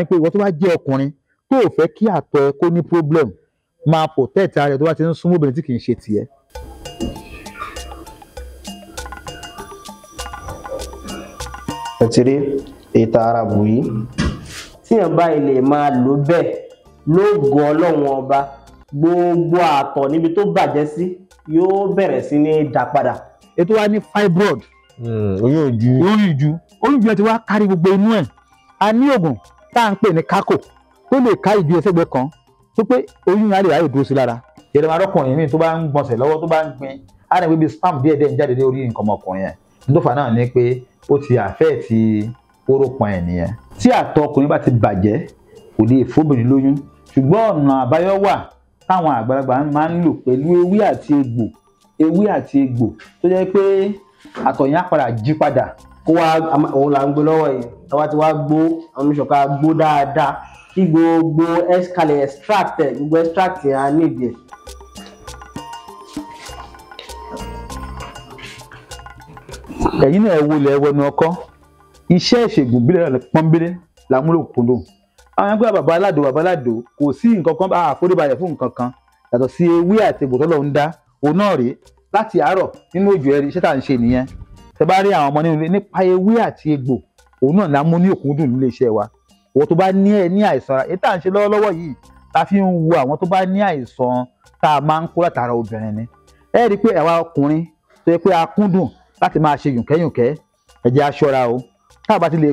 ni pé ìwọ tó bá jẹ́ ọkùnrin tó ò fẹ́ kí àtọ̀ ẹ kó ní problem máa protect ara rẹ tó bá ti ń súnmọ́ obìnrin tí kì í ṣe tiẹ̀. ẹ ti rí ètò ara bù yìí tíyàn báyìí lè máa lò bẹ́ẹ̀ lóògùn ọlọ́run ọba gbogbo àtọ̀ níbi tó bàjẹ́ sí yóò bẹ̀rẹ̀ sí ní dà padà. ètò wa ní fibroid. Hmm, oyún ìju. oyún ìju ẹ ti wá kárí gbogbo inú ẹ a ní oògùn tá à ń pè ní kákò tó lè ká ìdí ẹsẹ̀gbẹ́ kan tó pé oyún á lè ráyè dúró sí lára. ìrìn arọ́kùnrin mi tó bá ń gbọ̀nsẹ̀ lọ́wọ́ tó bá ń gbin á rìn bíbi spam díẹ̀ díẹ̀ ń jáde lórí nǹkan ọmọkùnrin yẹn nítorí náà ni pé ó ti àfẹ́ ti orókan ẹ̀ nìyẹn. tí àtọ̀ ọkùnrin bá ti bàjẹ́ kò lè fóbìnrin lóyún ṣùgbọ́n ọ̀nà àbáyọ wà táwọn àgbàlagbà máa ń lò pẹ̀lú ewé àti egbò ewé àti egbò tó jẹ́ pé àtọ̀ yẹn á padà jí padà. kó wa òun là ń gbé lọ́wọ́ yìí tàwa ti wá gbó àwọn oníṣọ̀ká gbó dáadáa kí gbogbo escalate extract ẹ̀ gbogbo extract ẹ̀ á nídìí ẹ̀. ẹ̀yin náà wo ilẹ̀ wọnú ọkọ́ iṣẹ́ ìṣègùn bílẹ̀ pọ́nbélé làmúlòkulò àwọn ẹgbẹ́ bàbá aládò bàbá aládò kò sí nǹkan kan àforíbalẹ̀ fún nǹkan kan yàtọ̀ sí ewé àti egbò tọ́lọ́ ń dá òun náà rèé láti àárọ̀ nínú òjò ẹ̀rí iṣẹ́ tá à ń ṣe nìyẹn tẹ bá rí àwọn ọmọ nínú ilé nípa ewé àti egbò òun náà ni a mú ní òkúndùn nílé iṣẹ́ wa òun tó bá ní ẹ ní àìsàn èyí tá à ń ṣe lọ́wọ́lọ́wọ́ yìí la fi ń wo àwọn tó bá ní àìsàn tá a máa ń kó látara obìnrin ni ẹ rí i pé àwa ọkùnrin tó yẹ pé a kúndùn láti máa ṣe yùnkẹ́yùnkẹ́ ẹ jẹ́ a ṣọ́ra o tá a bá ti lè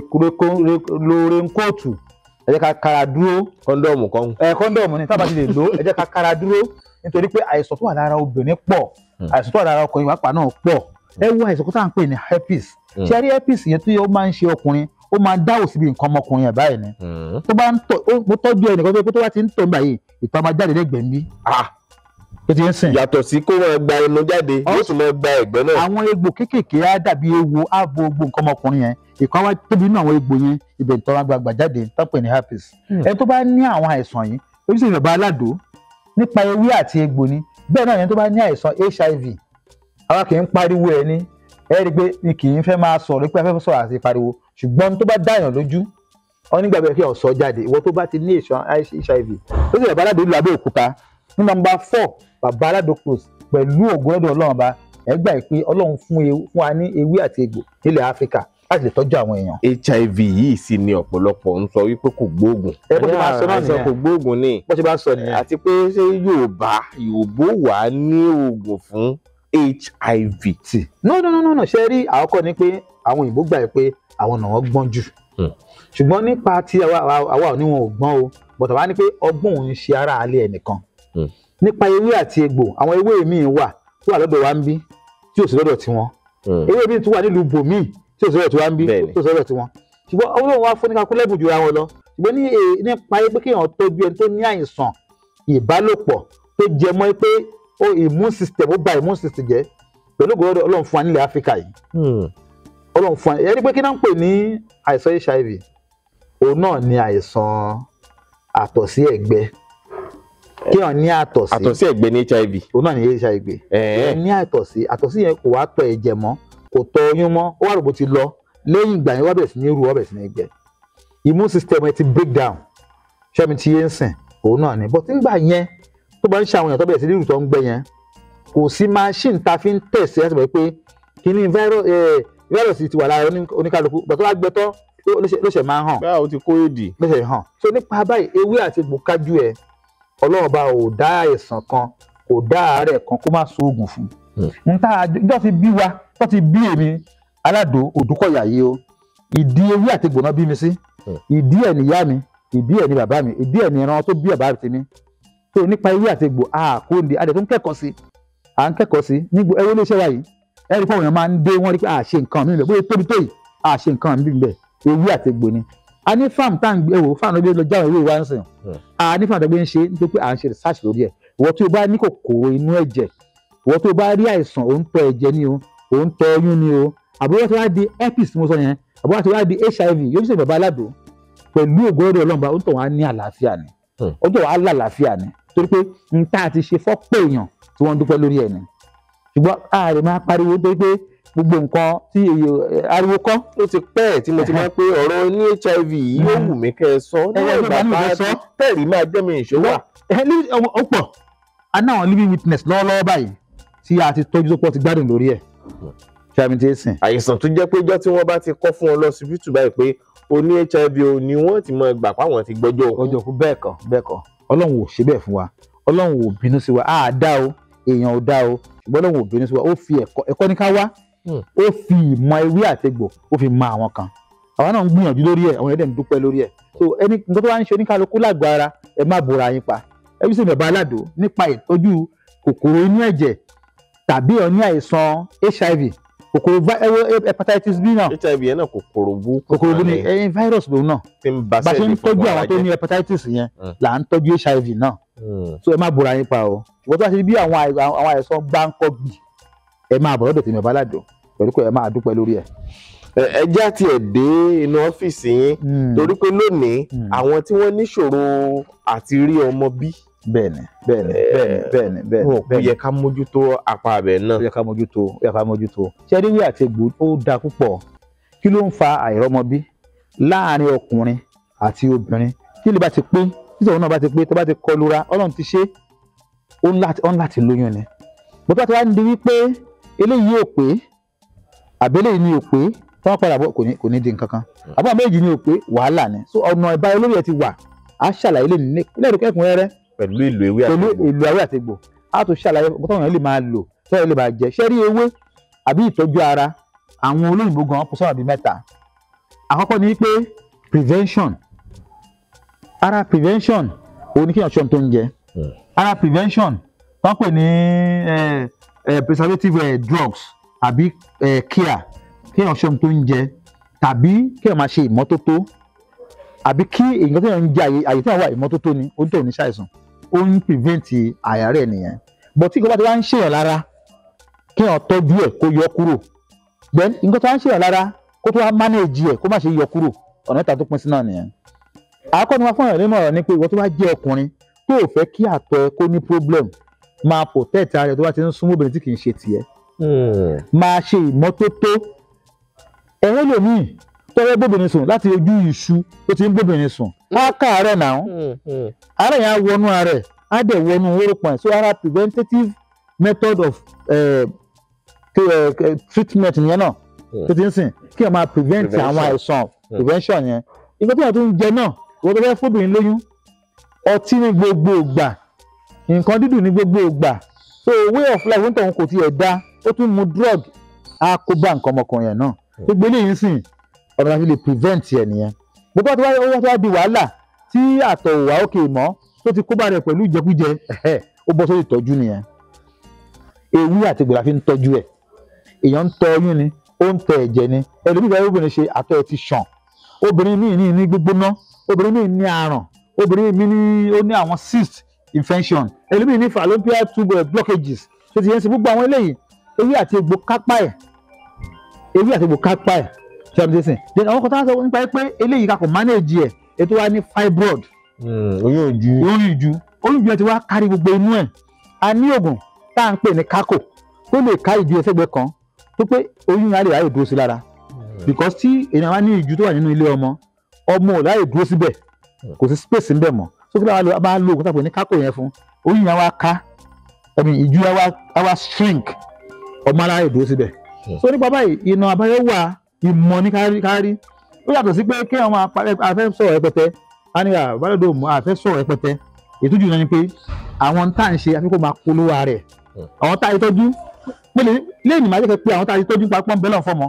lo rẹ́ńkóòtù ẹ jẹ́ ká kára dúró. kọ́ńdọ̀mù kan. ẹ kọ́ńdọ̀mù ni tá a bá ti lè lo ẹ jẹ́ ká kára dúró nítorí pé àìsàn tó wà lára obìnrin pọ̀ hmm. àìsàn tó wà lára ọkùnrin wàá pa náà pọ̀ ẹ wo àìsàn tó tá ń pè ní herpes Mm. ṣe rí ẹ́pìsì yẹn tí ó máa ń ṣe ọkùnrin ó máa ń dáwò síbi nǹkan ọmọkùnrin ẹ̀ báyìí ni mm. tó bá ń tọ̀ mo tọ́jú ẹ̀ nìkan pé tó bá ti ń tọ̀ nígbà yìí ìtọ̀ máa jáde lẹ́gbẹ̀ẹ́ mi tó ah, ti ń sìn. yàtọ̀ sí kó wọn gba ẹnu jáde yóò tún máa gba ẹ̀gbẹ́ náà. àwọn egbò kéékèèké á dàbí ewo á bo gbogbo nǹkan ọmọkùnrin yẹn ìkọ́ wa tóbi nínú àwọn egbò yẹn ibẹ̀ ìtọ̀ máa gbàgbà jáde tọ́pẹ̀ ní herpes. Hmm. ẹni tó bá ní àwọn àìsàn yìí oríṣi ìrìnàbá aládò nípa ewé àti egbò ni bẹ́ẹ̀ náà ẹni tó bá ní àìsàn HIV àwa kì í pariwo ẹ ní ẹ rí i pé mi kì í fẹ́ máa sọ̀rọ̀ pé a fẹ́ sọ̀rọ̀ àti pariwo ṣùgbọ́n tó bá dàyàn lójú ọ nígbà bẹ́ẹ̀ kí ọ̀sọ́ jáde ìwọ tó bá ti ní èso hiv ó sì bàbá aládùn ìlú Abẹ́òkúta ní nọ́mbà four bàbá aládùn close pẹ̀lú ògùn ọ̀dọ̀ ọlọ́run ọba ẹ gbà pé ọlọ́run e, fún wa ní ewé àti egbò nílẹ̀ Áfíríkà láti lè tọ́jú àwọn èèyàn. hiv yìí sì ni ọ̀pọ̀lọpọ̀ ń sọ wípé kò gbóògùn. ẹ bó ṣe bá sọ náà nìyẹn kò gbóògùn ni. bó ṣe bá sọ nìyẹn. àti pé ṣé Yorùbá Yorùbá wà á ní oògùn fún hiv t no no no no ṣe rí àkọ́kọ́ ni pé àwọn òyìnbó gbà pé àwọn náà wọ́n gbọ́n jù hmm. ṣùgbọ́n nípa ti àwa ò ní wọn ò gbọ́n o bọ̀tà wá ní pé ọgbọ́n òun ṣe ara alẹ́ ẹnìkan hmm. nípa ewé àti egbò àwọn ewé míì wà tó wà lọ́dọ̀ wa ń bí tí ò sí lọ́dọ̀ tiwọn hmm. ewé míì tó wà nílùú bòmíì tí ò sí lọ́dọ̀ tiwa ń bí tí ò sí lọ́dọ̀ tiwọn ṣùgbọ́n olóhùn wa fún ní kakú lẹ́bùn jura wọn lọ ṣùgbọ́n eh, nípa pé kéèyàn tọ́jú ẹni tó ó immune system ó ba immune system jẹ́ pẹ̀lú ògùn ọlọ́run fún wa nílẹ̀ áfíríkà yìí hmm. ọlọ́run fún wa ẹ rí pé kí náà ń pè ní àìsàn hiv òun náà ni àìsàn àtọ̀sí ẹ̀gbẹ kí hàn ní àtọ̀sí àtọ̀sí ẹ̀gbẹ ní hiv òun náà ni hiv ẹ ní àtọ̀sí àtọ̀sí yẹn kò wá tọ̀ ẹ̀jẹ̀ mọ́ kò tọ̀ oyún mọ́ ó wà rògbò ti lọ lẹ́yìn ìgbà yẹn wá bẹ̀rẹ̀ sí ní ru wá bẹ̀rẹ̀ sí ní gbẹ immune system ẹ ti break down ṣé mi ti yé ń sìn òun náà ni but nígbà yẹn tó bá ń ṣe àwọn èèyàn tó bẹ̀rẹ̀ sí rírù tó ń gbẹ yẹn kò sí machine ta fi ń tẹ̀sí láti mọ̀ pé kíní eh, virus ti wà lára oníkálukú bàtọ́ bá gbẹtọ́ ló ṣe máa ń hàn. báwo ti kó èdè. ló ṣe hàn so nípa báyìí ewé àti egbò kájú ẹ ọlọ́run bá ò dá àìsàn kan kò dá àárẹ̀ kan kó má so oògùn fún. Hmm. n ta ìjọ ti bí wa tó ti bí èmi aládò òdúkọ̀yà yìí o ìdí ewé àti egbò bí mi sí hmm. ìdí ẹ̀ nìyá mi ìdí ẹ̀ ni bàbá mi ìdí ẹ̀ ni ẹran tó bí bàbá mi so nípa ewé àti egbò àkóńde adẹ tó ń kẹ́kọ̀ọ́ sí à ń kẹ́kọ̀ọ́ sí nígbò ẹwọ iléeṣẹ́ wa yìí ẹrí fáwọn èèyàn máa ń dé wọn rí pé àṣe nǹkan mi bẹ bóyá tóbi tó yìí àṣe nǹkan mi bẹ ewé àti egbò ni a ní fáàmù tá à ń gbé ẹwò fáàmù lóbi lọ jáwé ewé wa ń sìn hmm. a ní fáàmù tẹgbẹ́ ń ṣe nítorí pé à ń ṣe research lórí ẹ̀ wọ́n tó bá ní kòkòrò inú ẹ̀jẹ̀ wọ́n tó bá rí àìsàn òun tọ ẹ̀jẹ̀ ni ni o àbúrò tó àlàáfíà ni hmm torí pé n tá a ti ṣe fọ́pọ̀ èèyàn tí wọ́n dúpẹ́ lórí ẹ̀ ni ṣùgbọ́n ààrẹ máa pariwo torí pé gbogbo nǹkan tí ariwo kọ́. ó ti pẹ́ ẹ̀ tí mo ti máa pé ọ̀rọ̀ ní hiv yóò wù mí kẹ́ ẹ sọ níwọ̀n ìgbà bá tẹ̀rí máa jẹ́ mi ìṣòwò. ó pọ̀ a ní àwọn living witness lọ́wọ́lọ́wọ́ báyìí tí a ti tọ́jú tó pọ̀ ti gbádùn lórí ẹ̀ ṣáàmì tí ẹ sìn. àìsàn tó jẹ́ pé ọjọ́ tí wọ́n bá ti kọ́ fún ọ lọ́sibítù báyìí pé o ní hiv o ni wọ́n ti mọ gbà pàwọn ti gbọ́jọ́ òkú. ọjọ́ òkú bẹ́ẹ̀ kọ́ bẹ́ẹ̀ kọ́ ọlọ́run ò ṣe bẹ́ẹ̀ fún wa ọlọ́run ò bínú sí wa àá dá o èèyàn ò dá o ṣùgbọ́n ọlọ́run ò bínú sí wa ó fi ẹ̀kọ́ ẹ̀kọ́ ní ká wá hmm. ó fi ìmọ̀ ewé àtẹ̀gbò ó fi mọ àwọn kan àwa náà ń gbìyànjú lórí ẹ̀ àwọn ẹ̀dẹ̀ dúpẹ́ lórí ẹ̀ so ẹni tó wá ń ṣe oníkálukú lágbára ẹ má bora yín pa ẹbí sì bàbá aládò nípa ìtọ́jú kòkòrò inú ẹ̀jẹ̀ tàbí ọ ní àìsàn HIV kòkòrò hepatitis b náà hiv yẹn náà kòkòrò burúkú kòkòrò burúkú ni ẹyin virus lòun náà bá ṣe ń tọ́jú àwọn tó ní hepatitis yẹn hmm. là ń tọ́jú hiv náà hmm. so ẹ má bora yín pa o ṣùgbọ́n tó bá ṣe bí àwọn àìsàn gbáǹkọ́ bì ẹ máa bọ̀ lọ́dọ̀ tèmi ọ̀bálàjọ pẹ̀lú pé ẹ máa dúpẹ́ lórí ẹ̀ ẹjá tiẹ̀ dé inú ọ́fíìsì yín hmm. torí pé lónìí àwọn tí wọ́n níṣòro àti rí ọmọ bí Eh, bẹ́ẹ̀ni bẹ́ẹ̀ni bẹ́ẹ̀ni bẹ́ẹ̀ni bẹ́ẹ̀ni o yẹ ká mójútó apá abẹ náà o yẹ ká mójútó o yẹ ká mójútó ṣẹríwí àti egbò ó da púpọ̀ kí ló ń fa àìrọ́mọbí láàárín ọkùnrin àti obìnrin kí lè bá ti pé títọ̀ náà bá ti pé tó bá ti kọlura ọlọ́run ti ṣe ó ń láti lóyún ni mo tọ́ ti wá ń di wípé eléyìí ò pé àbẹ́lẹ̀ yìí ni ò pé tí wọ́n padà bọ̀ kò ní di nǹkan kan hmm. àbọ̀ méjì ni ò pé wàhálà ni so ọ̀nà ìbá olóyè ti wà á ṣàlàyé lè ní lẹ́rìí kẹ́kùn rẹ́rẹ́ pẹ̀lú èlò ewé àti egbò pẹ̀lú èlò ewé àti egbò a tún ṣàlàyé bọ́tọ̀nà lè máa lò tẹ́lẹ̀ lè máa jẹ ṣé rí ewé àbí ìtọ́jú ara àwọn olóyìnbó gan kò sọ̀rọ̀ bíi mẹ́ta àkọ́kọ́ ni pé prevention ara prevention òun ni kéèyàn ṣọ́n tó ń jẹ hmm. ara prevention wọ́n pè ní eh, eh, preservative eh, drugs àbí care kéèyàn ṣọ́n tó ń jẹ tàbí kéèyàn máa ṣe ìmọ́tótó àbí kí èyí tó ń jẹ àyè tí wà ìmọ́tótó ni ó ní ṣàìsàn ó ń prevent àyà rẹ̀ nìyẹn but tí nǹkan bá ti wá ń ṣèyàn lára kí èèyàn tọ́jú ẹ̀ kó yọ kúrò then nǹkan tó wá ń ṣèyàn lára kó tó wá manage ẹ̀ kó má ṣe yọ kúrò ọ̀nà ìta tó pín sí náà nìyẹn àkọ́kọ́ ni wọ́n fún ọ̀rẹ́ nímọ̀ràn ni pé ìwọ tó bá jẹ́ ọkùnrin tó ò fẹ́ kí àtọ̀ ẹ kó ní problem máa protect ara ẹ tó bá ti ń súnmọ́ obìnrin tí kì í ṣe tiẹ̀ hmm. máa ṣe ìmọ́tótó ẹ̀rọ lòmíì tọ́wọ́ bóbìnrin sùn láti ojú ìṣu tó ti ń bóbìnrin sùn lákàárẹ̀ náà hmm, hmm. ara yẹn á wọnú ara ẹ̀ á dẹ̀ wọnú wórópọn so ara preventative method of eh, eh, eh, treatment yẹn náà tó hmm. ti sìn kí ẹ máa prevent àwọn àìsàn prevention yẹn ìgbà tó yà tó ń jẹ náà wọ́n tó fẹ́ fóbìnrin lóyún ọtí ní gbogbo ìgbà nǹkan dídùn ní gbogbo ìgbà so way of life ń tọ̀hún kò tiẹ̀ dá ó tún mu drug á kó bá nǹkan ọmọkùnrin yẹn náà gbogbo eléyìí sìn ọ̀nà láti lè prevent yẹn nìyẹn bó bá ti wáyé owó tó wá di wàhálà tí àtọ̀ wà òkè mọ́ tó ti kó bá rẹ̀ pẹ̀lú ìjẹkújẹ ó bọ́ sórí ìtọ́jú nìyẹn ewú àti ìgbòlá fi ń tọ́jú ẹ̀ èèyàn ń tọ ọyún ni ó ń tẹ ẹ̀jẹ̀ ni ẹlòmíràn obìnrin ṣe àtọ̀ ẹ̀ ti ṣàn obìnrin míì ní ní gbígbóná obìnrin míì ní àrùn obìnrin míì ní ó ní àwọn cyst infection ẹlòmíì ní fallopian tube blockages tó ti yẹn ṣe gbogbo àwọn eléyìí ewú àti egbò kápá ẹ̀ ewú àti egbò kápá ẹ̀ ṣàbùdẹ́sìn then àwọn kan tó wá sọ nípa pé eléyìí kakọ̀ manage ẹ̀ ètò wa ní fibroid. Hmm, oyún ìju oyún ìju oyún ìju ẹ ti wá kárí gbogbo inú ẹ̀ a ní oògùn tá à ń pè ní kako tó lè ká ìju ẹsẹ̀gbẹ́ kan tó pé oyún alẹ́ ráyè dúró sí lára hmm. because tí èèyàn wá ní ìju tó wà nínú ilé ọmọ ọmọ ò ráyè dúró síbẹ̀ hmm. kò sí space níbẹ̀ mọ́ sókè láwa bá lo òkúta pè ní kako yẹn fún oyún yẹn wá ká ẹ̀mí ìju yẹn wá shrink ọmọ aláyè dúró síbẹ̀ so nípa báyìí ìnà àbáyọ wà ìmọ̀ ní kárí ó yàtọ̀ sí pé kí àwọn afẹ́ sọ̀rọ̀ rẹpẹtẹ kánìyà balẹ̀dọ̀ mọ́ afẹ́ sọ̀rọ̀ rẹpẹtẹ ìtújú náà ni pé àwọn tá à ń ṣe àfikún máa polówó rẹ̀ hmm. àwọn tá a tọ́jú pélé lẹ́yìn ìmájẹ́ kẹ́ pé àwọn tá a tọ́jú papọ̀ ń bẹ́ lọ́n fọmọ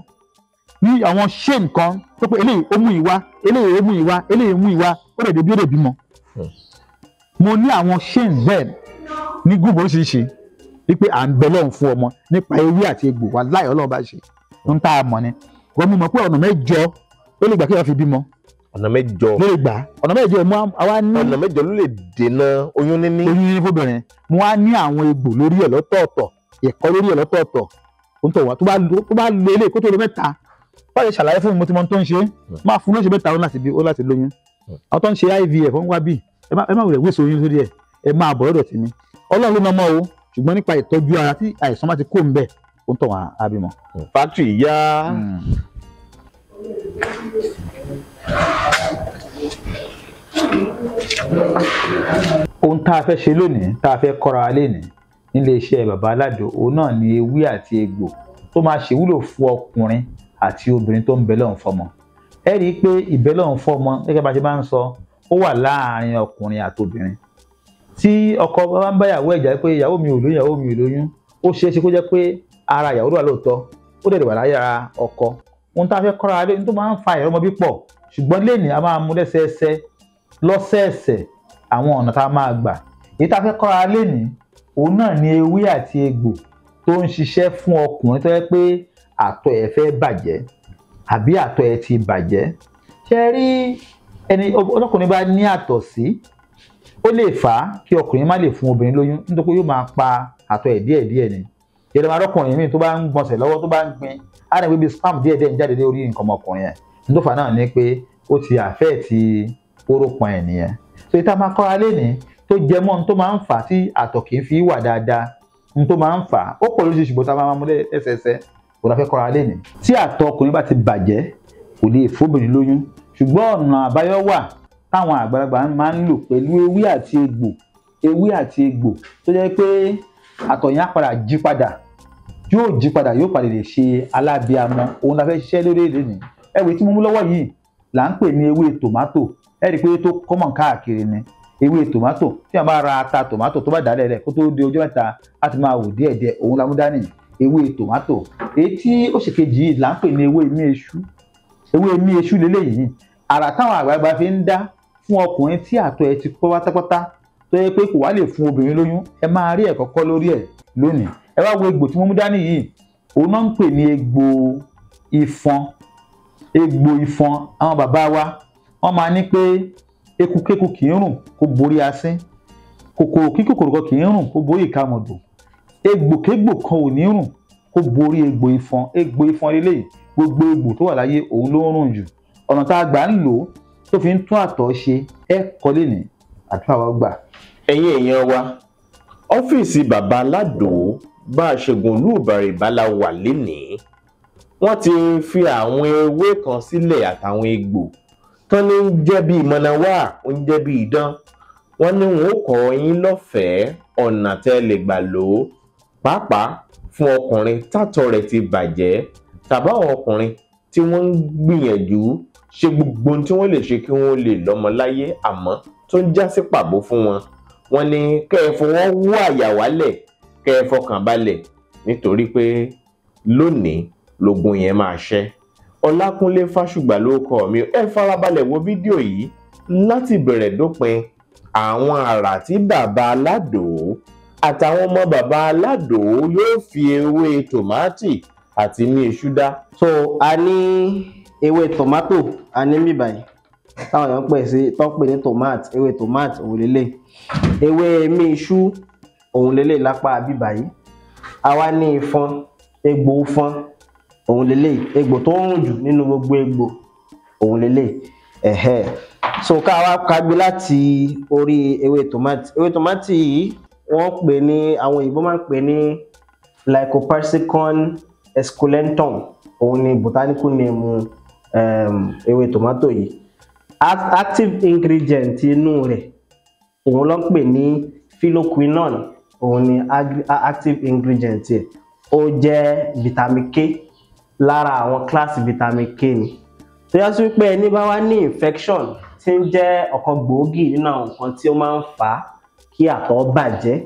ní àwọn ṣé nǹkan tó pé eléyìí ó mú ìwá eléyìí ó mú ìwá eléyìí ó mú ìwá ó rẹ̀ débi ó rẹ̀ bímọ. Hmm. mo ní àwọn ṣé bẹ́ẹ̀ ní gúùbù oríṣiríṣi wípé à ń bẹ lọ́n fún ọmọ nípa ewé àti egbò wà láì ọlọ́run bá ṣe ń tá a mọ̀ ni wọ́n mú mọ̀ pé ọ̀nà mẹ́jọ ló lè gbà kí wọ́n fi bímọ. ọ̀nà mẹ́jọ ló lè gbà ọ̀nà mẹ́jọ mú àwa ní. ọ̀nà mẹ́jọ ló lè dènà oyún níní. oyún níní fóbìnrin mú wa ní àwọn egbò lórí ẹ̀ lọ́tọ̀ọ̀tọ̀ ẹ̀kọ́ lórí ẹ̀ lọ́tọ̀ọ̀tọ̀ òǹtọ̀wà tó bá lo ilé kó tó lo mẹ́ta báyìí ṣàlàyé fún mi mo ti mọ tó ń ṣe hmm. máa fún lóṣù mẹ́ta ó láti bí ó láti lóyún hmm. àwọn tó ń ṣe IVF ń wá bí ẹ má wulẹ̀ wéṣọ oyún lórí ẹ̀ ẹ máa bọ̀ o ṣùgbọ́n nípa ìtọ́jú ara tí àìsàn ó tọ̀ wọn á bímọ. Mm. fátìrì yá. Mm. ohun tá a fẹ́ ṣe lónìí tá a fẹ́ kọ́ra wa lénìí nílé iṣẹ́ bàbá aládùn òun náà ni ewé àti egbò tó máa ṣèwúlò fún ọkùnrin àti obìnrin tó ń bẹ lọ́hùn fọmọ ẹ rí i pé ìbẹ́ lọ́hùn fọmọ gẹ́gẹ́ bá ṣe máa ń sọ ó wà láàárín ọkùnrin àti obìnrin tí ọkọ bá ń bá ìyàwó ẹ̀jà pé ìyàwó mi ò lóyún ìyàwó mi ò lóyún ó ṣeé ṣe kó jẹ́ pé ara ìyàwó ló wà lóòótọ́ ó dẹ̀ wà láyé ara ọkọ ohun tá a fẹ́ kọ́ra lé tó máa ń fa ìrọmọbí pọ̀ ṣùgbọ́n léènì a máa mú lẹ́sẹẹsẹ lọ́sẹ̀ẹsẹ̀ àwọn ọ̀nà tá a máa gbà èyí tá a fẹ́ kọ́ra léènì òun náà ni ewé àti egbò tó ń ṣiṣẹ́ fún ọkùnrin tó yẹ pé àtọ̀ ẹ̀ fẹ́ bàjẹ́ àbí àtọ̀ ẹ̀ ti bàjẹ́ ṣe rí ẹni ọlọ́kùnrin bá ní àtọ̀ sí ó lè fà á kí ọkùnrin má lè fún obìnrin lóyún nítorí pé yóò máa pa àtọ̀ ẹ̀ díẹ̀díẹ̀ ni yẹlẹ máa rọkùnrin mi tó bá ń gbọ̀nsẹ̀ lọ́wọ́ tó bá ń gbin á rìn wíbi spam díẹ̀ díẹ̀ ń jáde lórí nǹkan ọmọkùnrin yẹn nítorí náà ni pé ó ti àfẹ́ ti orópọn ẹ̀ nìyẹn so ìta máa kọ́ra lẹ́ni tó jẹ mọ́ ohun tó máa ń fà á tí àtọ̀ kì í fi wà dáadáa ohun tó máa ń fà á ó pọ̀ lóṣù ṣùgbọ́n tá a máa mú lẹ́sẹẹsẹ kò náà fẹ́ kọ́ra lẹ́ni tí àtọ̀ ọkùnrin bá ti bàjẹ́ kò lè fóbìnrin lóyún ṣùgbọ́n ọ̀nà àbáyọ wà táwọn àgbàlagbà máa ń lò pẹ̀lú ewé àti egbò ewé àti egbò tó jẹ́ pé àtọ̀ yẹn á padà jí padà yóò jí padà yóò padà lè ṣe alábíamọ òun la fẹ́ ṣiṣẹ́ lórí èdè nìyí ẹwé tí mo mú lọ́wọ́ yìí là ń pè ní ewé tòmátò ẹ rí i pé tó kọ́mọ̀ káàkiri ni ewé tòmátò tí a bá ra ata tòmátò tó bá dà lẹ́lẹ̀ kó tó di ọjọ́ mẹ́ta á ti máa wò díẹ̀díẹ̀ òun la mú dání ewé tòmátò èyí tí ó ṣe kejì yìí là ń pè ní ewé mí eṣú ewé mí eṣú lélẹ́yìí àrà táwọn àgbààgbà fi ń dá fún ọkùnrin tí àtọ̀ ẹ̀ ti pọ́ pátápátá tó yẹ pé kò wá lè fún obìnrin lóyún ẹ máa rí ẹ̀kọ́ kọ́ lórí ẹ̀ lónìí ẹ wá wo egbò tí mo mú dání yìí òun náà ń pè ní egbò ìfọn egbò ìfọn àwọn bàbá wa wọ́n máa ní pé ekukeku kì í rùn kó borí asín kòkòrò kíkòkòrò kan kì í rùn kó borí ìkamọ̀dò egbòkégbò kan ò ní rùn kó borí egbò ìfọn egbò ìfọn lélẹ́yìí gbogbo egbò tó wà láyé òun ló ń rùn jù ọ̀nà tá a gbà ń lò tó fi ń tún àtọ̀ ṣe ẹ kọ́lé ní àdúrà gbà. ẹ̀yin èèyàn wa ọ́fíìsì bàbá aládòó bá a ṣe gùn lùbàrì ìbálà wà lénìí wọ́n ti fi àwọn ewé kan sílẹ̀ àtàwọn egbò tó ní ń jẹ́ bíi mọ̀nàwá ó ń jẹ́ bíi idán wọ́n ní wọn ó kọ́ yín lọ́fẹ̀ẹ́ ọ̀nà tẹ́ lè gbà lò ó pàápàá fún ọkùnrin tátọ̀ rẹ̀ ti bàjẹ́ tàbáwọn ọkùnrin tí wọ́n ń gbìyànjú ṣe gbogbo ohun tí wọ́n lè ṣe kí wọ́n lè lọ́mọ láyé àmọ́ tó ń já sí pàbó fún wọn wọ́n ní kẹ́ ẹ fọwọ́ wú àyà wálẹ̀ kẹ́ ẹ fọkàn balẹ̀ nítorí pé lónìí lógun yẹn máa ṣẹ́ ọlákúnlé fásùgbà ló kọ mi ẹ farabalẹ̀ wo fídíò yìí láti bẹ̀rẹ̀ dópin àwọn àrà tí bàbá aládòó àtàwọn ọmọ bàbá aládòó yóò fi ewé tòmátì àti ní iṣu dá. so a ní ewé tomato, a ní mìbàyí táwọn èèyàn pè sí tó ń pè ní tomat ewé tomat òun lélẹ̀ ewé mi iṣu òun lélẹ̀ lápá bíbà yìí àwa ní ìfọn egbò fọn òun lélẹ̀ egbò tó ń rùn jù nínú gbogbo egbò òun lélẹ̀ ẹ̀hẹ́ so ká wá kagbe láti orí ewé tòmátì ewé tòmátì yìí wọ́n pè ní àwọn òyìnbó máa ń pè ní lycopersicon esculentum òun ni botanical name um, ewé tòmátò yìí active ingredient inú rẹ̀ òun ló ń pè ní phylloquinone òun ni active ingredient ẹ̀ ó jẹ́ vitamin K lára àwọn class vitamin K ni tó yá sí wípé ẹni bá wá ní infection tí ń jẹ́ ọ̀kan gbòógì nínú àwọn nǹkan tí ó máa ń fà á kí àtọ̀ bàjẹ́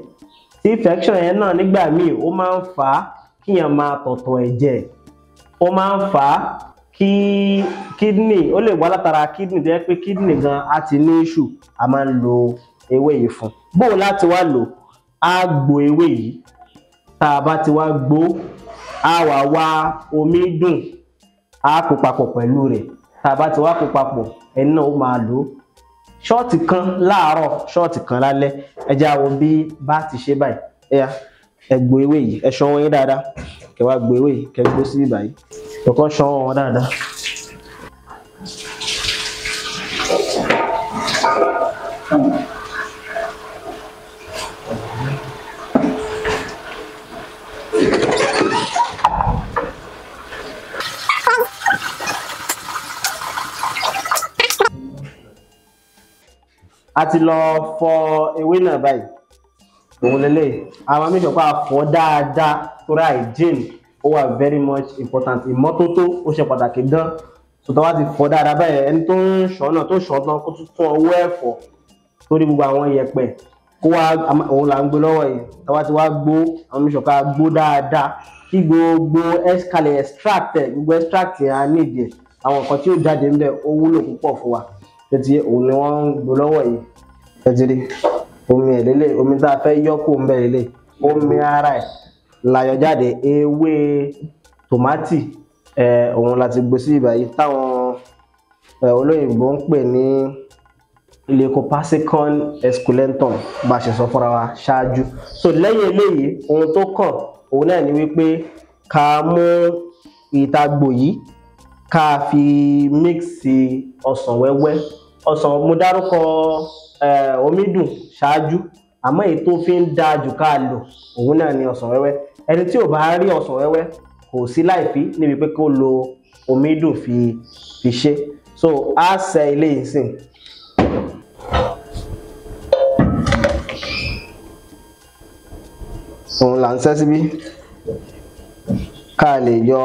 tí infection yẹn náà nígbà míì ó máa ń fà á kíyàn máa tọ̀tọ̀ ẹ̀jẹ̀ ó máa ń fà á kí kidney ó lè wá látara kidney tó yẹ pé kidney gan á ti ní issue a máa ń lo ewé yìí fún bóun láti wá lò ó á gbo ewé yìí tá a bá ti wá gbó á wá wá omi dùn á kó papọ̀ pẹ̀lú rẹ̀ tá a bá ti wá kó papọ̀ ẹni náà ó máa lò ó ṣọ́ọ̀tì kan láàárọ̀ ṣọ́ọ̀tì kan lálẹ́ ẹ já wo bí bá ti ṣe báyìí ẹ̀yà ẹ gbo ewé yìí ẹ ṣan wọn yín dáadáa kẹ wá gbo ewé yìí kẹ gbó sí ìbàyí kọkọ ṣan wọn dáadáa. Thank you. a ti lọ fọ ewé náà báyìí òun lélẹ̀ àwọn méjì ọ̀pá fọ dáadáa torí hygiene ó wà very much important ìmọ́tótó ó ṣe pàtàkì gan sọtọ́ wá ti fọ dáadáa báyìí ẹni tó ń ṣọ́ náà tó ṣọ́ tán kó tún tún ọwọ́ ẹ̀ fọ torí gbogbo àwọn iyẹ̀pẹ̀ kó wá òun là ń gbé lọ́wọ́ yìí tọ́wá ti wá gbó àwọn méjì ọ̀pá gbó dáadáa kí gbogbo escalate extract gbogbo extract yẹn á nídìí àwọn nǹkan tí ó jáde ńbẹ ó wúlò púpọ̀ fún wa títí òun ni wọ́n ń gbó lọ́wọ́ yìí ẹtìrí omi ẹ̀ lélẹ̀ omi tá a fẹ́ yọ kó ń bẹ̀ lélẹ̀ omi ara ẹ̀ láyọ jáde ewé tòmátì ẹ̀ òun láti gbé sí ibà yìí táwọn olóyìnbó ń pè ní leucopaxicon esculentum bá a ṣe sọ fúnra wa ṣáájú so lẹ́yìn eléyìí ohun tó kàn òun náà ni wípé ká mú ìtagbò yìí ká fi mix ọsàn wẹ́wẹ́ ọsàn mo dárúkọ omídùn ṣáájú àmọ́ èyí tó fi ń da jù ká lò òun náà ni ọsàn wẹ́wẹ́ ẹni tí ò bá rí ọsàn wẹ́wẹ́ kò sí láìfí níbi pé kó lo omídùn fi fi ṣe so á sẹ ilé yìí sìn. òun là ń sẹ́ síbí ká lè yọ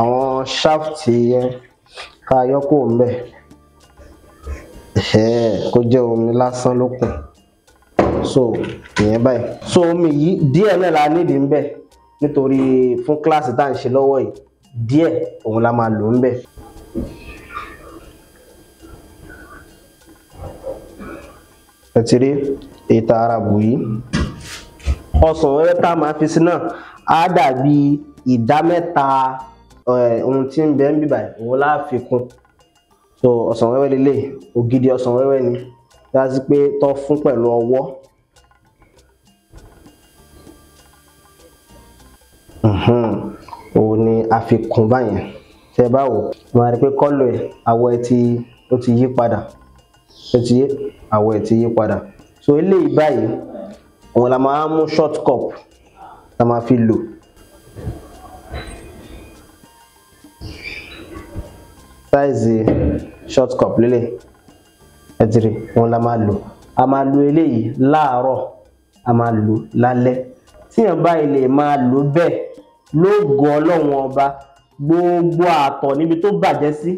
àwọn ṣáfùtì yẹn ká yọ kó ń bẹ̀ kó jẹ́ omi lásán ló kù so ìyẹn báyìí so omi yìí díẹ̀ náà la nídìí ń bẹ̀ nítorí fún kíláàsì tá à ń ṣe lọ́wọ́ yìí díẹ̀ òun la máa lò ń bẹ̀. ẹ ti rí ètò ara bù yìí ọsàn wẹ́rẹ́ tá a máa fi sí náà á dàbí ìdá mẹ́ta ohun tí ń bẹ ń bíbà òun láàfikún so ọsàn wẹ́wẹ́ lélẹ̀ ògidì ọsàn wẹ́wẹ́ ni dájú pé tọ́ fún pẹ̀lú ọwọ́ òun ni a fi kùn báyẹn tẹ́ bá wò máa rí pé kọ́lọ̀ ẹ̀ àwọ̀ ẹ̀ ti ó ti yí padà ó ti yí àwọ̀ ẹ̀ ti yí padà so eléyìí báyìí òun la máa mú short cup la máa fi lò. size short cup lele ẹtìrì wọn la máa lò a máa lo eléyìí láàárọ̀ a máa lò lálẹ́ tíyàn báyìí lè máa lò bẹ́ẹ̀ lóògùn ọlọ́run ọba gbogbo àtọ̀ níbi tó bàjẹ́ sí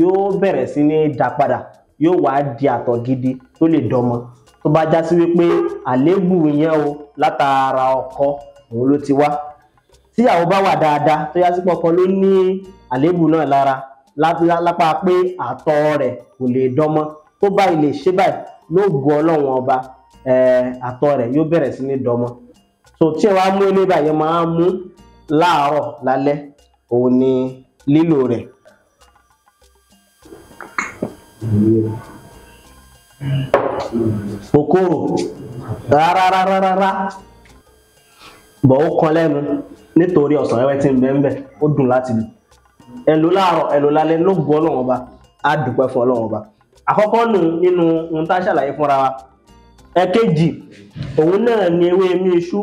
yóò bẹ̀rẹ̀ sí ní dà padà yóò wá di àtọ̀ gidi tó lè dọmọ tó bá já sí wípé àléébù yẹn o látara ọkọ òun ló ti wá tíyàwó bá wà dáadáa tó yá sí pọkàn ló ní àléébù náà lára lápá pé àtọ̀ rẹ̀ kò lè dánmọ́ tó bá ilé ṣe báyìí ló gun ọlọ́run ọba àtọ̀ rẹ̀ yóò bẹ̀rẹ̀ sí ní dánmọ́ so tí ẹ wá mú ilé báyìí máa ń mú láàárọ̀ lálẹ́ òun ni lílò rẹ̀. kòkòrò rárárárárá bọ̀ ó kan lẹ́nu nítorí ọ̀sán wẹ́wẹ́ tí ń bẹ ń bẹ ó dùn láti lò ẹ̀lò láàárọ̀ ẹ̀lò lálẹ́ ló gbọ́ ọlọ́run ọba á dúpẹ́ fún ọlọ́run ọba àkọ́kọ́ nù nínú ohun tá a ṣàlàyé fúnra wa ẹ̀kejì òun náà ni ewé mi iṣu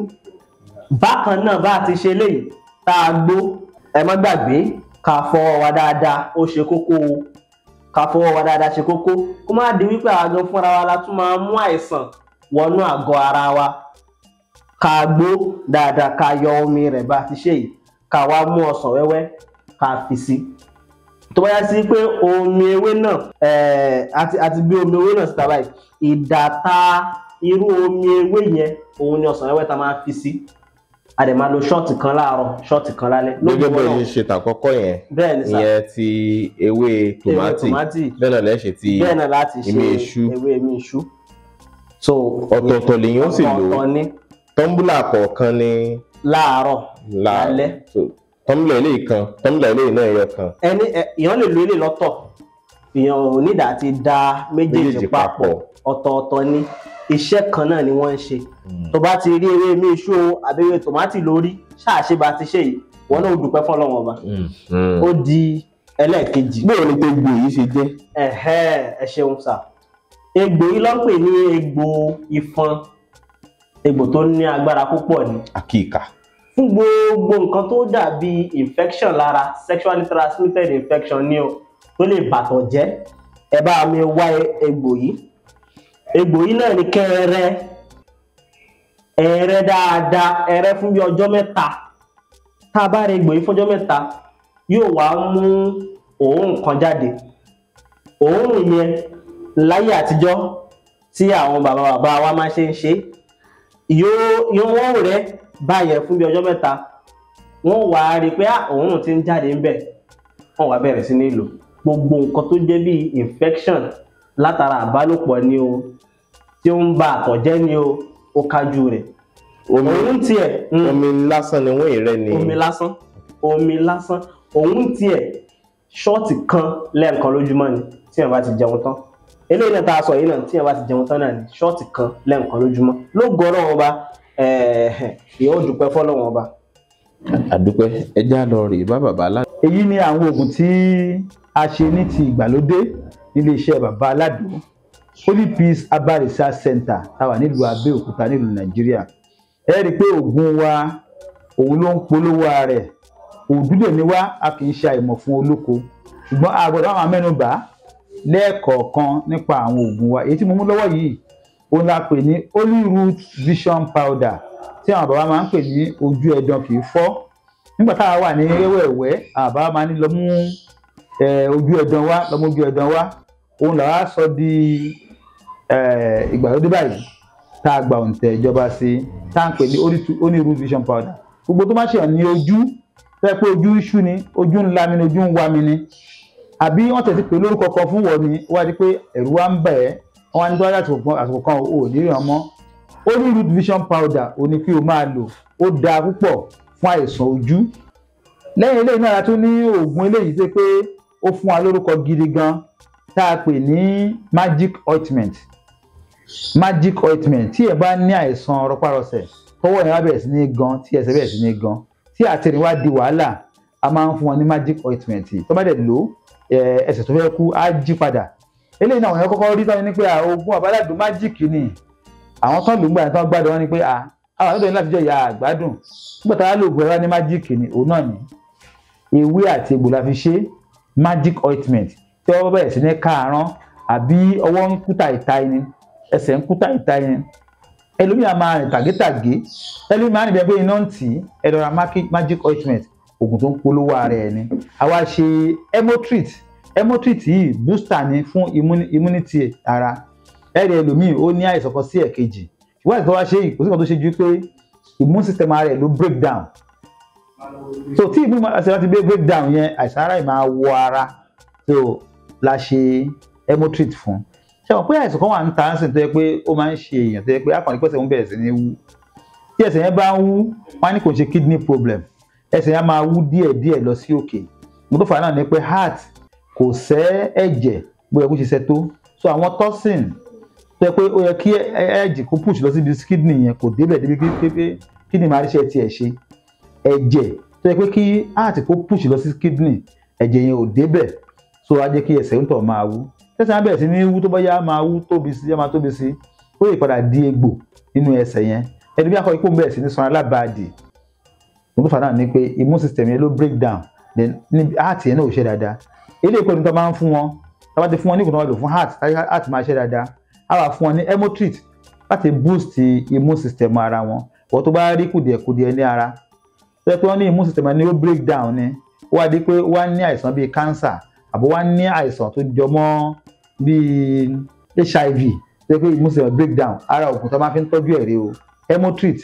bákan náà bá a ti ṣe léyìí tá a gbó ẹ má gbàgbé ká fọwọ́ wa dáadáa ó ṣe kókó o ká fọwọ́ wa dáadáa ṣe kókó kó má di wípé àgọ́ fúnra wa la tún máa mú àìsàn wọnú àgọ́ ara wa ká gbó dáadáa ká yọ omi rẹ̀ bá a ti ṣe yìí ká wá mú ọsàn wẹ́wẹ́ ká fi sí tó bá yá sí pé omi ewé náà eh, àti àti bí omi ewé náà síta báyìí ìdàta irú omi ewé yẹn òun ni ọsàn wẹ́wẹ́ tá máa fi sí a dẹ̀ máa lo ṣọ́ọ̀tì kan láàárọ̀ ṣọ́ọ̀tì kan lálẹ́. lójú bó ṣe ṣe tàkọ́kọ́ yẹn ìyẹn ti ewé tòmátì bẹ́ẹ̀ náà lẹ́ṣẹ̀ ti ìmí iṣu. so ọ̀tọ̀ọ̀tọ̀ lèyìn ó sì lò ó tọ́ḿbùlà kọ̀ọ̀kan ní. láàárọ̀ lálẹ́ tọ́mùlẹ̀ eléyìí kan tọ́mùlẹ̀ eléyìí náà ẹyọ kan. ẹni èèyàn lè lo eléyìí lọ́tọ̀ èèyàn ò nídà ti da méjèèjì papọ̀ ọ̀tọ̀ọ̀tọ̀ ni iṣẹ́ kan náà ni wọ́n ń ṣe hmm. tó bá ti rí ewé mi iṣu àbí ewé tòmátì lórí ṣáàṣe bá ti ṣe yìí wọn náà ó dúpẹ́ fọlọ́wọn ọba hmm, hmm. ó di ẹlẹ́ẹ̀kejì. bẹ́ẹ̀ ni egbò yìí ṣe jẹ́. ẹ̀hẹ́ ẹ ṣeun sà egbò yìí ló ń pè ní egbò ìfọn egbò tó ní agbára púpọ̀ ni. àkìkà fún gbogbo nǹkan tó dàbí infection lára sexually transmitted infection ni o tó lè bàtọ̀ jẹ́ ẹ bá mi wá egbò yìí egbò yìí náà ni kẹrẹ ẹrẹ dáadáa ẹrẹ fún bí ọjọ́ mẹ́ta tá a bá rẹ egbò yìí fún ọjọ́ mẹ́ta yóò wá mú òórùn kan jáde òórùn yẹn láyé àtijọ́ tí àwọn bàbá bàbá wa máa ṣe ń ṣe yóò yóò wọ́n rẹ báyẹn fún bí ọjọ́ mẹ́ta wọ́n wà á rí i pé ah, òórùn ti ń jáde ńbẹ̀ wọ́n wà á bẹ̀rẹ̀ sí ní lò gbogbo nǹkan tó jẹ́ bí infection látara àbálòpọ̀ ni o tí ó ń ba àtọ̀jẹ́ ni o ó kájú rẹ̀ òun tiẹ̀ hmm. omi lásán ni wọ́n ìrẹ́ ni omi lásán omi lásán òun tiẹ̀ ṣọ́ọ̀tì kan lẹ́ẹ̀kan lójúmọ́ ni tí wọ́n bá ti jẹun tán eléyìí náà tá a sọ yìí náà tí wọ́n bá ti jẹun tán náà ni ṣọ́ọ̀tì kan lẹ́ẹ̀kan lójúmọ́ ló gọ́rọ́ ọba yóò dúpẹ́ fọ́lọ́run ọba. àdúpẹ́ ẹja lọ rè bá bàbá aládùn. èyí ni àwọn oògùn tí a ṣe ní ti ìgbàlódé nílé iṣẹ́ bàbá aládùn holy peace herbal research center tá wà nílùú abẹ́òkúta nílùú nàìjíríà ẹ rí i pé oògùn wa òun ló ń polówó rẹ̀ òdúdè ni wá a kì í ṣe àìmọ̀ fún olóko ṣùgbọ́n a gbọ́dọ̀ àwọn amẹ́nubà lẹ́ẹ̀kọ̀ọ̀kan nípa àwọn oògùn wa èyí tí mo mú lọ́wọ́ yìí òun la pè ní holy root vision powder tí àwọn bàbá máa ń pè ní ojú ẹ̀dán kì í fọ́ nígbà táwa wà ní ewéwẹ̀wẹ́ àwọn bàbá máa ń lọ mú ojú ẹ̀dán wá lọ mú ojú ẹ̀dán wá òun làwa sọ di ìgbàlódé báyìí tá a gba òǹtẹ̀ ìjọba sí tá à pè ní holy root vision powder gbogbo tó má ṣe ní ojú tẹ́ pé ojú iṣu ni ojú ńlá mi ni ojú ń wá mi ni àbí wọ́n tẹ̀sí pé lórúkọ kan fún wọ̀ ni wọ́n á di pé ẹ̀rù wa ń bẹ̀ ẹ́ wọn á ní tọ́lá àsìkò kan ò ní ríran mọ́ ó ní powder ó ní kí o máa lò ó dáa púpọ̀ fún àìsàn ojú lẹ́yìn eléyìí náà tún ní oògùn eléyìí ṣe pé ó fún wa lórúkọ gidi gan tá a pè ní magic ointment magic ointment tí ẹ bá ní àìsàn rọpárọsẹ̀ tọwọ́ yẹn wá bẹ̀rẹ̀ sí ní gan tí ẹsẹ̀ bẹ̀rẹ̀ sí ní gan tí àtẹ̀rìn wá di wàhálà a máa ń fún wọn ní magic ointment tó bá dẹ̀ lò ẹsẹ̀ tó fẹ́ kú á jí padà eléyìí náà àwọn èèyàn kọ́kọ́ rí sọ́ni ní pé ogun àbáládùn májíìkì ni àwọn sọ́ọ̀lù ń gbà tán gbádùn wọn ni pé àwọn àtọ́jú láti jẹ́ ìyá àgbádùn nígbà tá a lògùn ẹ̀rọ ní májíìkì ni òun náà ni ewé àti egbò la fi ṣe magic ointment tí ọwọ́ bẹ̀rẹ̀ sí ní káàárán àbí ọwọ́ ń kúta ìta ẹni ẹsẹ̀ ń kúta ìta ẹni ẹlòmíà máa rìn tàgétàgé ẹlòmíà máa rìn bẹ́ẹ̀ pé iná ń tì í ẹ̀rọ ra magic ointment oògùn tó ń polówó ara ẹ̀ ni àwa ṣe hemotrit hemotrit yìí booster ni fún immunity ara ẹ̀rì ẹlòmíì ó ní àìsàn kan sí ẹ̀kejì ìwádìí tó wá ṣe yìí kò sí kan tó ṣe ju pé immune system ara ẹ̀ ló break down so tí immune system ara ti break down yẹn àìsàn ara ẹ̀ máa wọ ara so la ṣe hemotrit fún ṣe mọ̀ pé àìsàn kan wà ń ta ń sìn tó yẹ pé ó máa ń ṣe èèyàn tó yẹ pé akọni pẹ̀sẹ̀ ń bẹ̀rẹ̀ sí ní wú tí ẹsẹ̀ yẹn bá ń wú wọ́n á ní kò ń ṣe kidney problem ẹsẹ̀ yẹn máa wú díẹ̀ díẹ̀ lọ sí òkè mo tó fà náà ni pé heart kò sẹ́ ẹ̀jẹ̀ bóyá kó ṣe tó so àwọn toxin tó yẹ pé ó yẹ kí ẹ̀jẹ̀ kó push lọ síbi kidney yẹn kò débẹ̀ débi pé kidney máa ríṣẹ́ tiẹ̀ ṣe ẹ̀jẹ̀ tó yẹ pé kí heart kó push lọ sí kidney ẹ̀jẹ̀ yẹn ò débẹ̀ so á jẹ́ kí ẹsẹ̀ ń tọ̀ máa wú tẹ́sán á bẹ̀rẹ̀ sí ní wú tó bá yá máa wú tóbi sí yá máa tóbi sí ó lè padà di egbò nínú ẹsẹ̀ yẹn ẹni bí akọ ikú bẹ̀rẹ̀ sí ní sanra lábàádì mo tó fà náà ni pé immune system yẹn ló break down then heart yẹn náà ò ṣe dáadáa eléyìí kò ní tó máa ń fún wọn tó bá ti fún wọn ní ìkùnà lò fún heart heart máa ṣe dáadáa a wà fún wọn ní hemotrit láti boost immune system ara wọn wọ́n tó bá rí kùdìẹ̀kùdìẹ̀ ní ara tó yẹ pé wọ́n ní immune system ni ó break down ni ó wá di pé wọ́n ní àìsàn bíi cancer àbí wọ́n á ní àìsàn tó jọ mọ́ bíi HIV tó yẹ pé immune system break down ara òògùn tó máa fi ń tọ́jú ẹ̀rí o hemotrit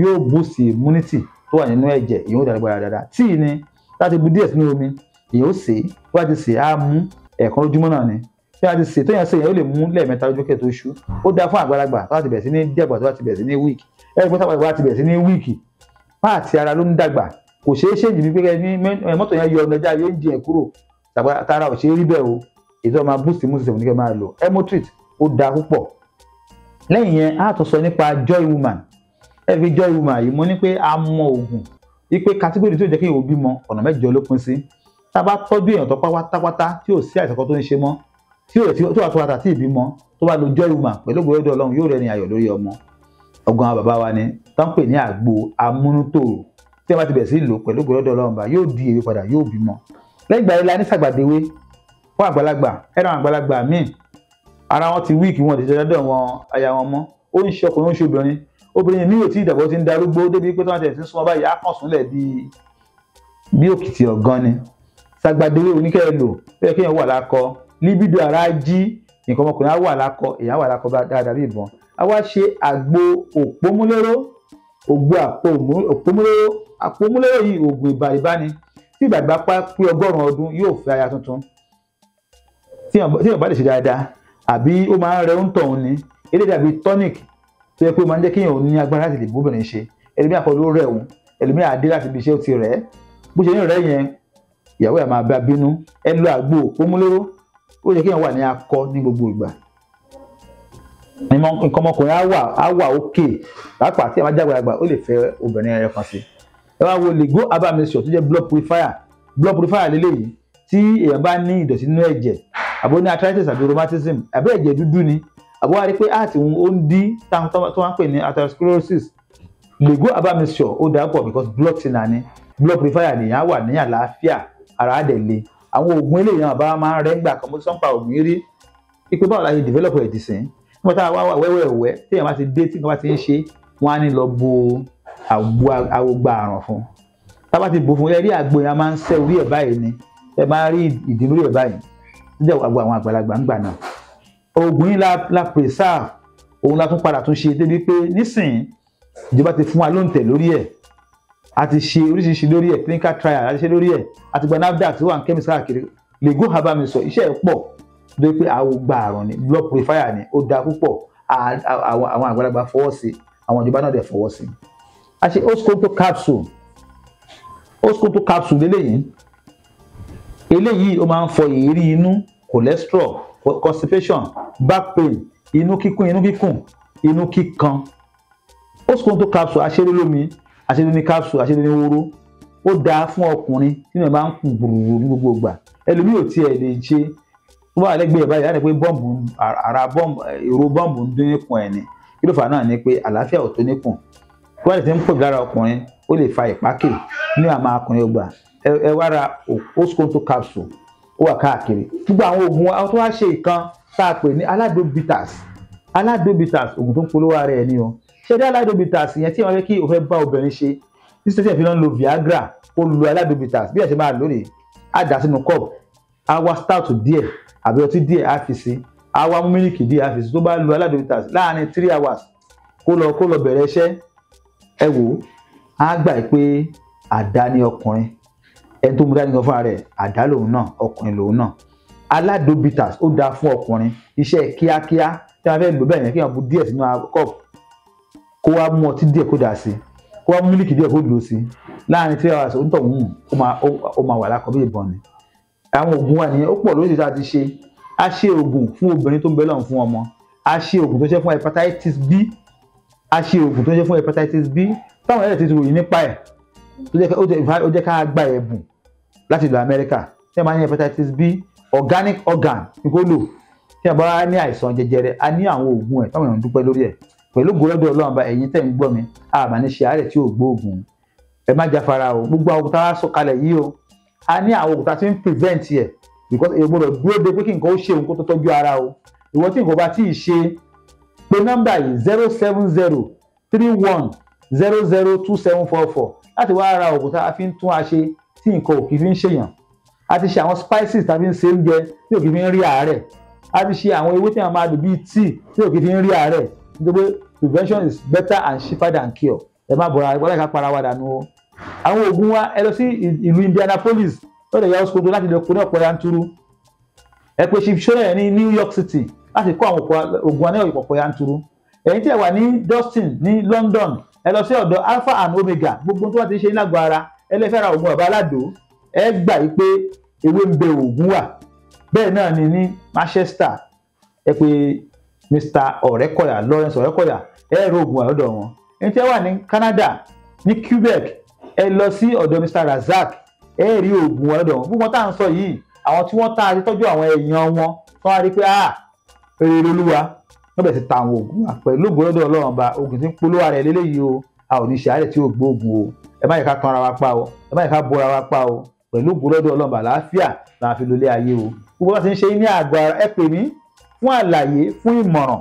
yóò boost immunity tó wà nínú ẹ̀jẹ̀ ìyóò dàgbà dáadáa tíì ni láti bu díẹ̀ sínú omi èyàn ó sè é tó bá ti sè é á mú ẹ̀ẹ̀kan lójúmọ́ náà ni tí wọ́n ti sè é tó yàn sè é yẹn ó lè mú lẹ́ẹ̀mẹ́ta lójú kẹ́ tó ṣú ó dáa fún àgbàlagbà tó bá ti bẹ̀rẹ̀ sí ní dẹ̀gbà tó bá ti bẹ̀rẹ̀ sí ní wíìkì ẹ̀ẹ́dẹ́gbẹ́ tó bá ti bẹ̀rẹ̀ sí ní wíìkì páàtì ara ló ń dàgbà kò ṣeé ṣèjì bí pé ní mọ́tò yẹn yọ ọ̀nàjà yóò jìn ẹ̀ kúrò tara ò ṣeé rí bẹ́ẹ̀ o ètò ọmọ boost immune system nìkan máa lò hemotrit ó dáa púpọ̀ lẹ́yìn yẹn a tún sọ nípa joy woman every joy woman yìí mo ní pé a mọ oògùn wípé kátígórì tí ò jẹ́ kí èèyàn bímọ ọ̀nà mẹ́jọ ló pín sí tá a bá tọ́jú èèyàn tó pátápátá tí ò sí àìsàn kan tó ń ṣe mọ́ tí ò tí wàá tó wàá tàtí ìbímọ tó bá lo jẹ́rùmà pẹ̀lú ògbó ẹ̀dọ̀ ọlọ́run yóò rẹ̀ ní ayọ̀ lórí ọmọ ọgbọ́n àwọn bàbá wa ni tó ń pè ní àgbo amúnútòrò tí a bá ti bẹ̀ sí lò pẹ̀lú ògbó ẹ̀dọ̀ ọlọ́run bá yóò di èwe padà yóò bímọ. lẹ́yìn ìgbà yẹn la ní sàgbàdéwé fún àgbàlagbà ẹ̀rọ àgbàlagbà míì ara wọn ti wíìkì wọn ti ṣe dandan wọn aya wọn mọ́ ó ń ṣe ọkùnrin ó ń ṣe obìnrin obìnrin mi ò tí ìdàgbọ́ ti ń darúgbó débi pé tó máa tẹ̀ sí sún ọ báyìí á kàn súnlẹ̀ bíi bí òkìtì ọ̀gán ni sàgbàdéwé oníkẹ́ lò bẹ́ẹ̀ kéèyàn wà lákọ libido ara jí nǹkan ọmọkùnrin á wà lákọ èèyàn wà lákọ dáadáa bí ìbọn a wá ṣe àgbo òpómúléró ògbó òpómúléró àpómúléró yìí oògùn ìbà ìbáni tí ìgbàgbà pa pé ọgọ́rùn-ún ọdún yóò fẹ́ aya tuntun tí èèyàn bá lè ṣe dáadáa àbí ó máa ń rẹ oúntọ̀ òun ni eléyìí dàbí tonic tó yẹ pé ó máa ń jẹ́ kéèyàn ní agbára láti lè bóbìnrin ṣe ẹlòmíà kan ló rẹ̀ òun ẹlòmíà adé láti ibi iṣẹ́ ó ti rẹ̀ bó ṣe ní rẹ̀ yẹn ìyàwó ẹ̀ máa bá bínú ẹ lo àgbo òpómúlóró ó yẹ kéèyàn wà ní akọ ní gbogbo ìgbà nǹkan ọmọkùnrin á wà á wà òkè pàápàá tí àwọn ajágbàlagbà ó lè fẹ́ obìnrin ẹyọ kan sí ẹ wá wo lego herbal mixture tó jẹ́ blood purifier blood purifier lélẹ́yìí tí èèyàn bá ní ìdọ̀tí nínú ẹ̀jẹ̀ àbó ní arthritis àbí rheumatism àbí ẹ̀jẹ̀ dúdú ni àbó wá rí pé àti òun ó ń dí táwọn tó wá ń pè ní atherosclerosis lego herbal mixture ó dàpọ̀ because blood thinner ni blood purifier nìyẹn á wà ní àlàáfíà ara á dẹ̀ le àwọn oògùn eléyìí náà bá máa ń rẹ́ ńgbà kan mo sọ ń pa rí pípé báwo la ṣe develop ẹ̀ nígbà tá a wá wẹ́wẹ́ ẹ̀wẹ́ téèyàn bá ti dé tí nǹkan bá ti ń ṣe wọ́n á ní lọ bo àwògbà àrùn fún tá a bá ti bò fún ẹ rí àgbo yẹn a máa ń sẹ́ orí ẹ̀ báyìí ni ẹ máa rí ìdí lórí ẹ̀ báyìí tó jẹ́ àgbo àwọn àgbàlagbà ń gbà náà oògùn yìí la la preserve òun la tún padà tún ṣe débi pé nísìnyí ìjọba ti fún wa lóǹtẹ̀ lórí ẹ̀ a ti ṣe oríṣiríṣi lórí ẹ̀ clinical trial a ti ṣe lórí ẹ̀ àti gba nafdac tó wà ní chemist káàkiri lè go herbal medicine iṣẹ́ ẹ̀ pọ̀ lórí pé àwọn gba àrùn ni blood purifier ni ó dáa púpọ̀ àwọn àgbàlagbà fọwọ́ sí àwọn ìjọba náà dẹ̀ fọwọ́ sí. a ṣe oscoto capsule oscoto capsule lélẹ́yìn eléyìí ó máa ń fọ èérí inú cholesterol constipation back pain inú kíkún inú kíkún inú kíkan oscoto capsule aṣeré lómi àṣebíní capsule àṣebíní wóró ó dáa fún ọkùnrin tí wọn bá ń kùn gbùrùrù ní gbogbo ìgbà ẹlòmíì ò tiẹ̀ lè ṣe tó bá lẹ́gbẹ̀ẹ́ báyìí láti pé bọ́ǹbù ara bọ́ǹbù èrò bọ́ǹbù ń dún níkùn ẹ̀ ni kí ló fà náà ni pé àlàáfíà ò tó níkùn tó bá lè ti ń pọ̀ lára ọkùnrin ó lè fa ìpákè ní àmà ọkùnrin ọgbà ẹ wá ra oskonto capsule ó wà káàkiri gbogbo àwọn oògùn àwọn tó wá ṣe ìkan tá a pè ní aládùn bitters aládùn bitters oògùn tó ń polówó ara ẹ ní o ṣẹ́rí aládòbìtàs yẹn tí wọ́n fẹ́ kí o fẹ́ bá obìnrin ṣe tí sẹ́sẹ̀ fi náà ń lo viagra kó lo aládòbìtàs bí ẹ̀ ṣe máa lò rè á dà sínú cup á wá stout díẹ̀ àbí ọtí díẹ̀ á fi sí á wá mú mílìkì díẹ̀ á fi sí tó bá lo aládòbìtàs láàárín three hours kó lọ kó lọ bẹ̀rẹ̀ iṣẹ́ ẹ wò ó á gbà pé àdá ni ọkùnrin ẹni tó mú dání lọ fúnra rẹ̀ àdá lòun náà ọkùnrin lòun náà aládòbìtàs ó dáa fún ọkùnrin iṣẹ́ kíákíá tí wọ́n fẹ́ lò bẹ́ẹ̀ yẹn kí wọ́n bu díẹ̀ sínú cup kó wá mú ọtí díẹ̀ kó dà sí kó wá mú mílìkì díẹ̀ kó lò sí láàrin three hours ó ń tọ̀ wùn ó máa wà lákọ̀ bí ìbọn ni àwọn oògùn wà nìyẹn ó pọ̀ lóṣù tá a ti ṣe a ṣe oògùn fún obìnrin tó ń bẹ lọ́rùn fún ọmọ a ṣe oògùn tó ṣe fún hepatitis B a ṣe oògùn tó ṣe fún hepatitis B táwọn ẹ̀rẹ̀ ti ti ròyìn nípa ẹ̀ ó jẹ́ ká gba ẹ̀bùn láti ìlú Amẹ́ríkà tí a máa ní hepatitis B organic organ ni kó lò tí a bá ní àìsàn jẹjẹrẹ a ní àwọn oògùn ẹ̀ táwọn èèyàn ń dúpẹ́ lórí ẹ̀ pẹ̀lú gbọ́dọ̀ ọlọ́run bá ẹ̀yin tẹ̀ ń gbọ́ mi àmà ní ṣe àárẹ̀ tí ò gbóògùn ẹ má jáfara o gbogbo àwọn òkúta sọ kalẹ̀ yìí o a ní àwọn òkúta tí ń prevent yẹ because èyí gbọ́dọ̀ dúró de pé kí nǹkan ó ṣe òun kó tó tọ́jú ara o ìwọ tí nǹkan bá tí ì ṣe pé nọ́mbà yìí zero seven zero three one zero zero two seven four four láti wá ara òkúta a fi ń tún a ṣe tí nǹkan ò kì í fi ń ṣèyàn a ti ṣe àwọn spices tàbí ń ṣe oúnjẹ tí ò kì í fi ń rí àárẹ̀ a ti ṣe àwọn ewé tí wọn máa lò bíi tíì tí ò kì í fi ń rí àárẹ̀ nítorí prevention is better and cheaper than cure ẹ má bọ̀ra ẹ ká para wa dànù o àwọn oògùn wa ẹ lọ sí ìlú Indianapolis lọ́dọ̀ ìyá ọ̀ṣọ́gbó láti lọ kó ní ọ̀pọ̀ yanturu ẹ pé chief Sonia ní New York City láti kó àwọn oògùn wa ní ọ̀pọ̀ yanturu ẹ̀yin tí ẹ wà ní Dustin ní London ẹ lọ sí ọ̀dọ̀ Alpha and Omega gbogbo tó bá ti ṣe lágọ̀ọ́ ara ẹ lè fẹ́ ra oògùn bàbá aládò ẹ gbà yí pé ewé ń bẹ oògùn wà bẹ́ẹ̀ náà ni ní Manchester ẹ pé mr ọ̀rẹ́kọ̀yà lawrence ọ̀rẹ́kọ̀yà ẹ ro oògùn àlọ́dọ̀ wọn ẹni tí wà ní canada ní quebec ẹ lọ sí ọ̀dọ̀ mr razak ẹ rí oògùn àlọ́dọ̀ wọn fún wọn tá à ń sọ yìí àwọn tí wọ́n tá a ti tọ́jú àwọn èèyàn wọn tó wá rí pé ah rere olúwa wọ́n bẹ̀rẹ̀ sí ta àwọn oògùn wa pẹ̀lú oògùn lọ́dọ̀ ọlọ́run ba oògùn tí ń polówó ara ẹ̀ lélẹ́yìí o a ò ní ṣe àárẹ̀ tí ò gbóògùn o ẹ má yẹ ká tan ara wa pa o ẹ má yẹ ká bora wa pa o pẹ̀lú oògùn lọ́dọ̀ ọlọ́run ba àlàáfíà làá fi lólé ayé o gbogbo bá ti ń ṣe ní àgọ́ ẹ pè mí fún àlàyé fún ìmọ̀ràn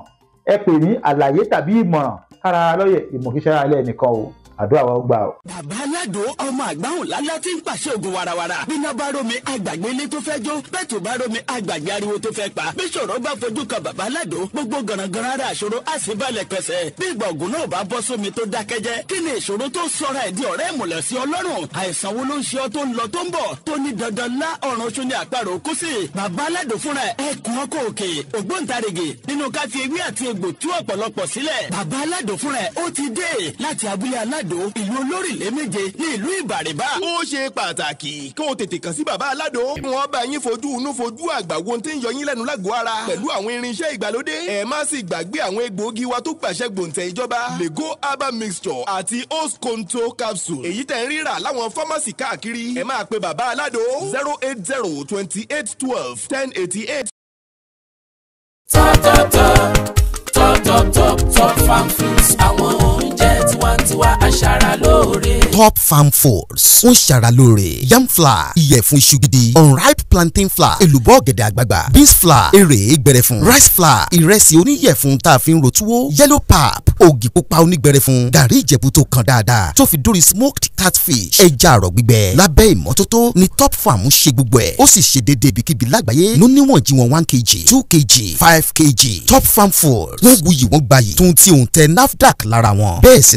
ẹ pè ní àlàyé tàbí ìmọ̀ràn kára lọ́yẹ̀ ìmọ̀ kìí ṣe ara lẹ́ẹ̀nìkan o àdúrà wa ó gbà o. bàbá aládò ọmọ àgbáhùn lálá tí ń pàṣẹ ògùn warawara bíná bá rómi àgbàgbé ilé tó fẹ́ jó bẹ́ẹ̀ tó bá rómi àgbàgbé ariwo tó fẹ́ pa bí ṣòro bá fojú kan bàbá aládò gbogbo gànàgànà ara àṣòro á sì balẹ̀ pẹ̀sẹ̀ bí ìgbà ògùn náà bá bọ́ sómi tó dákẹ́jẹ́ kí ni ìṣòro tó sọra ẹ̀ di ọ̀rẹ́ ìmùlẹ̀ sí ọlọ́run àìsàn wo ló ń ṣe aládò ìlú olórílẹ̀ méje ní ìlú ìbàrìbà. ó ṣe pàtàkì kí o tètè kàn sí bàbá aládò. wọ́n bá yín fojú inú fojú àgbà wo tí ń yọ yín lẹ́nu lágọ̀ọ́ ara pẹ̀lú àwọn irinṣẹ́ ìgbàlódé. ẹ má sì gbàgbé àwọn egbòogi wa tó gbàṣẹ gbòǹtẹ̀ ìjọba. lego herbal mixture àti host control capsule. èyí tẹ̀ ń rírà láwọn fámásì káàkiri. ẹ máa pe bàbá aládò zero eight zero twenty eight twelve ten eighty eight. tọ́ tọ́ tọ́ farm fruits àwọn tiwantiwa aṣara top farm foods ń ṣara yam flour ìyẹ̀fun iṣu gidi unripe plantain flour èlùbọ́ ọ̀gẹ̀dẹ̀ àgbagbà beans flour èrè gbẹrẹfun rice flour ìrẹsì oníyẹ̀fun tá a fi ń ro yellow pap ògì pupa onígbẹrẹfun gàrí ìjẹ̀bú tó kan dáadáa tó fi dórí smoked catfish ẹja àrọ̀ gbígbẹ lábẹ́ ìmọ́tótó ni top farm ń ṣe gbogbo ẹ̀ ó sì ṣe déédéé ibikíbi lágbàáyé ló níwọ̀n jí one kg two kg five kg top farm foods wọ́n wuyì wọ́n gbayì tuntun tí òun tẹ nafdac lára wọn bẹ́ẹ̀ sì